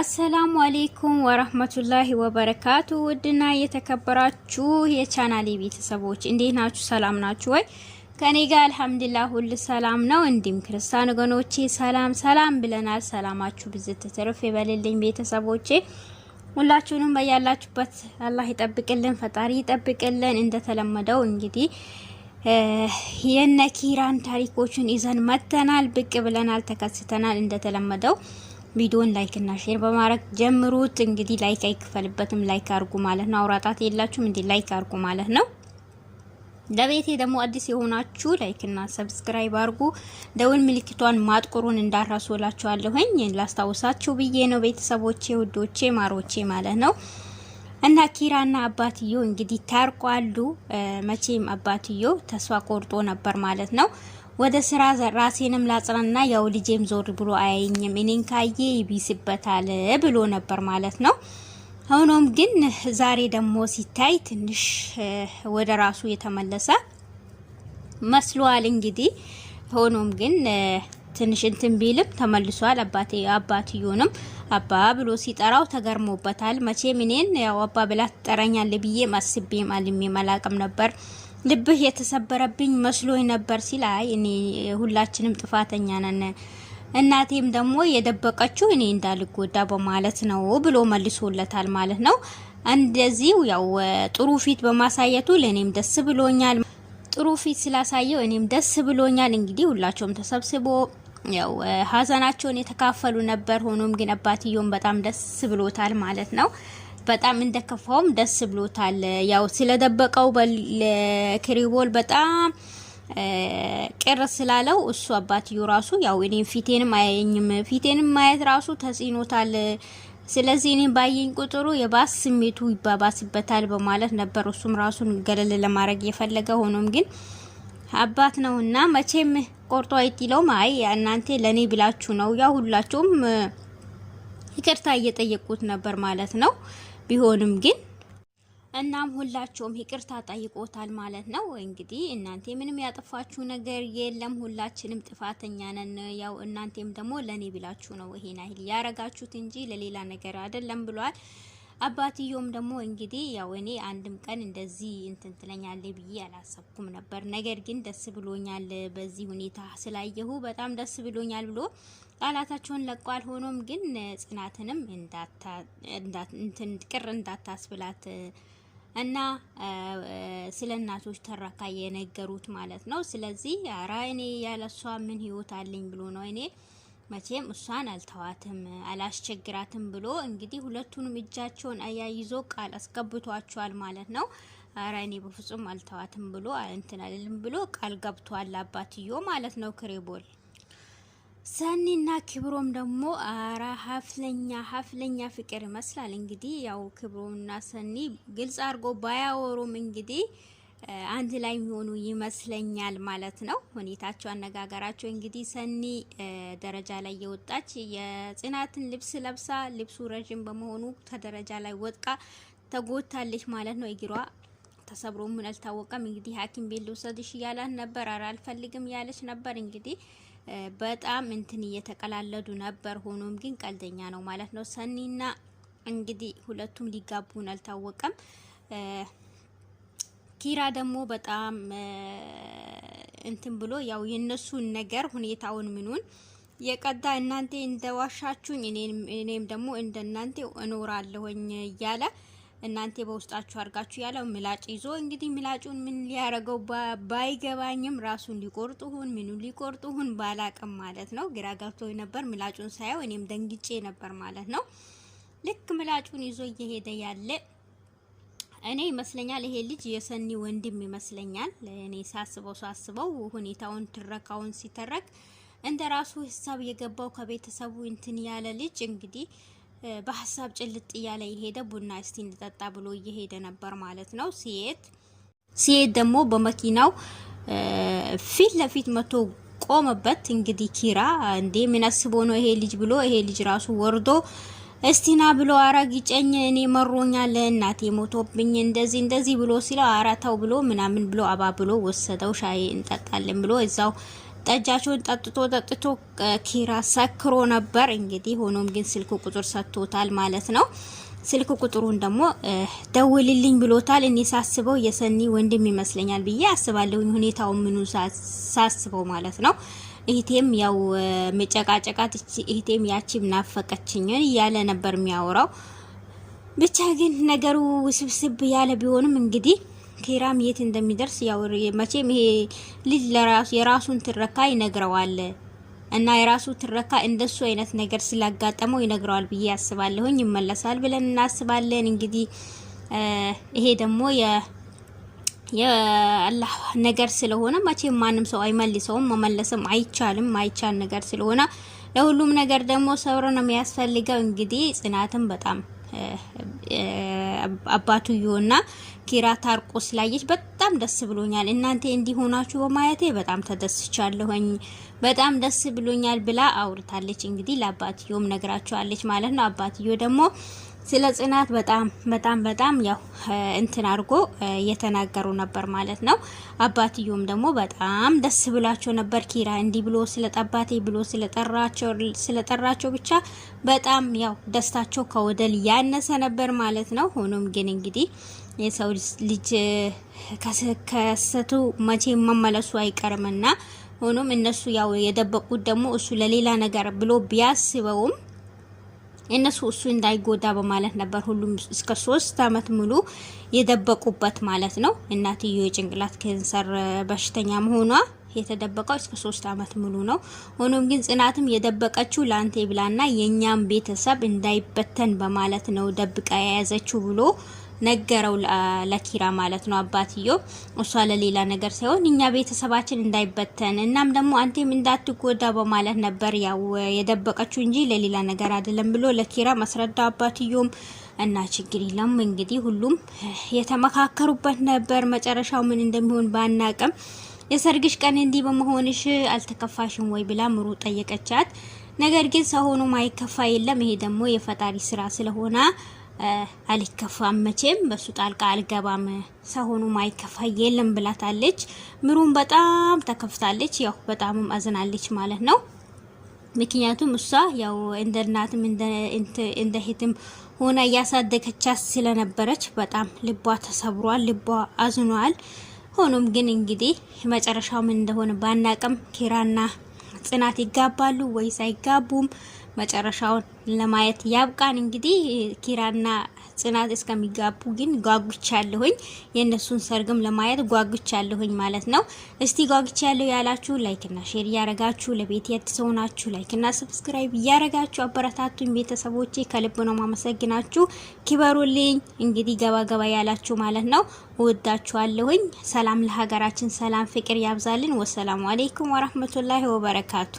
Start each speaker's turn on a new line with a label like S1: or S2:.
S1: አሰላሙ አሌይኩም ወረህመቱላሂ ወበረካቱ። ውድና የተከበራችሁ የቻናሌ ቤተሰቦች እንዴት ናችሁ? ሰላም ናችሁ ወይ? ከኔ ጋር አልሐምዱላ ሁሉ ሰላም ነው። እንዲሁም ክርስቲያን ወገኖቼ ሰላም ሰላም ብለናል። ሰላማችሁ ብዝት ትርፍ ይበልልኝ። ቤተሰቦቼ ሁላችሁንም በያላችሁበት አላህ ይጠብቅልን፣ ፈጣሪ ይጠብቅልን። እንደተለመደው እንግዲህ የነ ኪራን ታሪኮችን ይዘን መጥተናል፣ ብቅ ብለናል፣ ተከስተናል እንደተለመደው ቪዲዮን ላይክ እና ሼር በማድረግ ጀምሩት። እንግዲህ ላይክ አይከፈልበትም። ላይክ አርጉ ማለት ነው። አውራጣት የላችሁም እንዴ? ላይክ አርጉ ማለት ነው። ለቤቴ ደግሞ አዲስ የሆናችሁ ላይክ እና ሰብስክራይብ አርጉ። ደውል ምልክቷን ማጥቁሩን እንዳራሶላችኋለሁኝ ላስታውሳችሁ ብዬ ነው። ቤተሰቦቼ፣ ውዶቼ፣ ማሮቼ ማለት ነው። እና ኪራና አባትዮ እንግዲህ ታርቋሉ። መቼም አባትዮ ተስፋ ቆርጦ ነበር ማለት ነው። ወደ ስራ ራሴንም ላጽናና፣ ያው ልጄም ዞር ብሎ አያይኝም እኔን ካየ ይቢስበታል ብሎ ነበር ማለት ነው። ሆኖም ግን ዛሬ ደግሞ ሲታይ ትንሽ ወደ ራሱ የተመለሰ መስሏል እንግዲህ። ሆኖም ግን ትንሽ እንትን ቢልም ተመልሷል። አባቴ አባትዮንም አባ ብሎ ሲጠራው ተገርሞበታል። መቼም እኔን ያው አባ ብላ ትጠራኛለህ ብዬ ማስቤም አልሜ መላቅም ነበር ልብህ የተሰበረብኝ መስሎኝ ነበር ሲል አይ እኔ ሁላችንም ጥፋተኛ ነን፣ እናቴም ደግሞ የደበቀችው እኔ እንዳልጎዳ በማለት ነው ብሎ መልሶለታል ማለት ነው። እንደዚሁ ያው ጥሩ ፊት በማሳየቱ ለእኔም ደስ ብሎኛል። ጥሩ ፊት ስላሳየው እኔም ደስ ብሎኛል። እንግዲህ ሁላቸውም ተሰብስቦ ያው ሀዘናቸውን የተካፈሉ ነበር። ሆኖም ግን አባትየውም በጣም ደስ ብሎታል ማለት ነው። በጣም እንደከፋውም ደስ ብሎታል። ያው ስለደበቀው ክሪቦል በጣም ቅር ስላለው እሱ አባትዮ ራሱ ያው እኔም ፊቴንም አያየኝም ፊቴንም ማየት ራሱ ተጽኖታል። ስለዚህ እኔ ባየኝ ቁጥሩ የባስ ስሜቱ ይባባስበታል በማለት ነበር እሱም ራሱን ገለል ለማድረግ የፈለገ ሆኖም ግን አባት ነው እና መቼም ቆርጦ አይጥለውም። አይ እናንተ ለኔ ብላችሁ ነው ያው ሁላችሁም ይቅርታ እየጠየቁት ነበር ማለት ነው። ቢሆንም ግን እናም ሁላቸውም ይቅርታ ጠይቆታል ማለት ነው። እንግዲህ እናንተ ምንም ያጠፋችሁ ነገር የለም፣ ሁላችንም ጥፋተኛ ነን። ያው እናንተም ደግሞ ለኔ ብላችሁ ነው ይሄን ያህል ያረጋችሁት እንጂ ለሌላ ነገር አይደለም ብሏል። አባትዮም ደግሞ እንግዲህ ያው እኔ አንድም ቀን እንደዚህ እንትን ትለኛለህ ብዬ አላሰብኩም ነበር፣ ነገር ግን ደስ ብሎኛል በዚህ ሁኔታ ስላየሁ በጣም ደስ ብሎኛል ብሎ ቃላታቸውን ለቋል። ሆኖም ግን ጽናትንም ቅር እንዳታስብላት እና ስለ እናቶች ተረካ የነገሩት ማለት ነው። ስለዚህ ኧረ እኔ ያለሷ ምን ህይወት አለኝ ብሎ ነው እኔ መቼም እሷን አልተዋትም አላስቸግራትም ብሎ እንግዲህ ሁለቱንም እጃቸውን አያይዞ ቃል አስገብቷቸዋል ማለት ነው። አረ እኔ በፍጹም አልተዋትም ብሎ እንትን አልልም ብሎ ቃል ገብቷል አባትዮ ማለት ነው ክሬቦል ሰኒና ክብሮም ደግሞ አራ ሀፍለኛ ሀፍለኛ ፍቅር ይመስላል። እንግዲህ ያው ክብሮምና ሰኒ ግልጽ አድርጎ ባያወሩም እንግዲህ አንድ ላይ የሚሆኑ ይመስለኛል ማለት ነው። ሁኔታቸው አነጋገራቸው እንግዲህ ሰኒ ደረጃ ላይ የወጣች የጽናትን ልብስ ለብሳ ልብሱ ረዥም በመሆኑ ከደረጃ ላይ ወጥቃ ተጎታለች ማለት ነው። እግሯ ተሰብሮ ምን አልታወቀም። እንግዲህ ሐኪም ቤት ልውሰድሽ እያላት ነበር። ኧረ አልፈልግም ያለች ነበር እንግዲህ በጣም እንትን እየተቀላለዱ ነበር። ሆኖም ግን ቀልደኛ ነው ማለት ነው። ሰኒና እንግዲህ ሁለቱም ሊጋቡን አልታወቀም። ኪራ ደግሞ በጣም እንትን ብሎ ያው የነሱን ነገር ሁኔታውን ምኑን የቀዳ እናንተ እንደዋሻችሁኝ እኔም ደግሞ እንደ እናንተ እኖራለሁኝ እያለ እናንተ በውስጣችሁ አድርጋችሁ ያለው ምላጭ ይዞ እንግዲህ ምላጩን ምን ሊያረገው ባይገባኝም ራሱን ሊቆርጡሁን ምኑ ሊቆርጡሁን ባላቅም ማለት ነው። ግራ ገብቶ ነበር። ምላጩን ሳየው እኔም ደንግጬ ነበር ማለት ነው። ልክ ምላጩን ይዞ እየሄደ ያለ እኔ ይመስለኛል ይሄ ልጅ የሰኒ ወንድም ይመስለኛል። እኔ ሳስበው ሳስበው ሁኔታውን ትረካውን ሲተረክ እንደ ራሱ ሀሳብ የገባው ከቤተሰቡ እንትን ያለ ልጅ እንግዲህ በሀሳብ ጭልጥ እያለ የሄደ ቡና እስቲ እንጠጣ ብሎ እየሄደ ነበር ማለት ነው። ሲሄድ ሲሄድ ደግሞ በመኪናው ፊት ለፊት መቶ ቆመበት። እንግዲህ ኪራ እንዴ ምን አስቦ ነው ይሄ ልጅ ብሎ ይሄ ልጅ ራሱ ወርዶ እስቲና ብሎ አረ እኔ መሮኛል እናቴ ሞቶብኝ እንደዚህ እንደዚህ ብሎ ሲለው አራታው ብሎ ምናምን ብሎ አባ ብሎ ወሰደው። ሻይ እንጠጣለን ብሎ እዛው ጠጃቸውን ጠጥቶ ጠጥቶ ኪራ ሰክሮ ነበር። እንግዲህ ሆኖም ግን ስልክ ቁጥር ሰጥቶታል ማለት ነው። ስልክ ቁጥሩን ደግሞ ደውልልኝ ብሎታል። እኔ ሳስበው የሰኒ ወንድም ይመስለኛል ብዬ አስባለሁኝ ሁኔታው ምኑ ሳስበው ማለት ነው። እህቴም ያው መጨቃጨቃት እህቴም ያቺም ናፈቀችኝን እያለ ነበር የሚያወራው። ብቻ ግን ነገሩ ውስብስብ ያለ ቢሆንም እንግዲህ ኪራም የት እንደሚደርስ ያው መቼም ይሄ ልጅ ለራሱ የራሱን ትረካ ይነግረዋል እና የራሱ ትረካ እንደሱ አይነት ነገር ስላጋጠመው ይነግረዋል ብዬ አስባለሁኝ። ይመለሳል ብለን እናስባለን። እንግዲህ ይሄ ደግሞ የአላህ ነገር ስለሆነ መቼም ማንም ሰው አይመልሰውም፣ መመለስም አይቻልም። አይቻል ነገር ስለሆነ ለሁሉም ነገር ደግሞ ሰብር ነው የሚያስፈልገው። እንግዲህ ጽናትም በጣም አባትዮና ኪራ ታርቆ ስላየች በጣም ደስ ብሎኛል፣ እናንተ እንዲሆናችሁ በማየቴ በጣም ተደስቻለሁኝ፣ በጣም ደስ ብሎኛል ብላ አውርታለች። እንግዲህ ለአባትየውም ነግራቸዋለች ማለት ነው። አባትዮ ደግሞ ስለ ጽናት በጣም በጣም በጣም ያው እንትን አድርጎ እየተናገሩ ነበር ማለት ነው። አባትዮም ደግሞ በጣም ደስ ብሏቸው ነበር። ኪራ እንዲህ ብሎ ስለጠባቴ ብሎ ስለጠራቸው ብቻ በጣም ያው ደስታቸው ከወደል ያነሰ ነበር ማለት ነው። ሆኖም ግን እንግዲህ የሰው ልጅ ከስህተቱ መቼ መመለሱ አይቀርምና ሆኖም እነሱ ያው የደበቁት ደግሞ እሱ ለሌላ ነገር ብሎ ቢያስበውም የእነሱ እሱ እንዳይጎዳ በማለት ነበር ሁሉም እስከ ሶስት አመት ሙሉ የደበቁበት ማለት ነው። እናትዮ የጭንቅላት ካንሰር በሽተኛ መሆኗ የተደበቀው እስከ ሶስት አመት ሙሉ ነው። ሆኖም ግን ጽናትም የደበቀችው ላንቴ ብላና የኛም ቤተሰብ እንዳይበተን በማለት ነው ደብቃ የያዘችው ብሎ ነገረው ለኪራ ማለት ነው አባትዮ እሷ ለሌላ ነገር ሳይሆን እኛ ቤተሰባችን እንዳይበተን እናም ደግሞ አንቴም እንዳትጎዳ በማለት ነበር ያው የደበቀችው እንጂ ለሌላ ነገር አይደለም ብሎ ለኪራ ማስረዳው አባትዮም እና ችግር የለም እንግዲህ ሁሉም የተመካከሩበት ነበር። መጨረሻው ምን እንደሚሆን ባናቅም የሰርግሽ ቀን እንዲህ በመሆንሽ አልተከፋሽም ወይ ብላ ምሩ ጠየቀቻት። ነገር ግን ሰሆኑ ማይከፋ የለም ይሄ ደግሞ የፈጣሪ ስራ ስለሆነ አልከፋም መቼም በሱ ጣልቃ አልገባም ሰሆኑ ማይከፋ የለም ብላታለች። ምሩም በጣም ተከፍታለች። ያው በጣምም አዝናለች ማለት ነው። ምክንያቱም እሷ ያው እንደ እናትም እንደ እህትም ሆና እያሳደገቻት ስለነበረች በጣም ልቧ ተሰብሯል፣ ልቧ አዝኗል። ሆኖም ግን እንግዲህ መጨረሻው ምን እንደሆነ ባናቅም ኪራና ጽናት ይጋባሉ ወይስ አይጋቡም? መጨረሻውን ለማየት ያብቃን። እንግዲህ ኪራና ጽናት እስከሚጋቡ ግን ጓጉቻለሁኝ። የእነሱን ሰርግም ለማየት ጓጉቻለሁኝ ማለት ነው። እስቲ ጓጉቻለሁ ያላችሁ ላይክና ሼር እያረጋችሁ ለቤት ያትሰውናችሁ ላይክና ሰብስክራይብ እያረጋችሁ አበረታቱኝ። ቤተሰቦቼ ከልብ ነው ማመሰግናችሁ። ኪበሩልኝ። እንግዲህ ገባ ገባ ያላችሁ ማለት ነው። እወዳችኋለሁኝ። ሰላም ለሀገራችን፣ ሰላም ፍቅር ያብዛልን። ወሰላሙ አሌይኩም ወራህመቱላሂ ወበረካቱ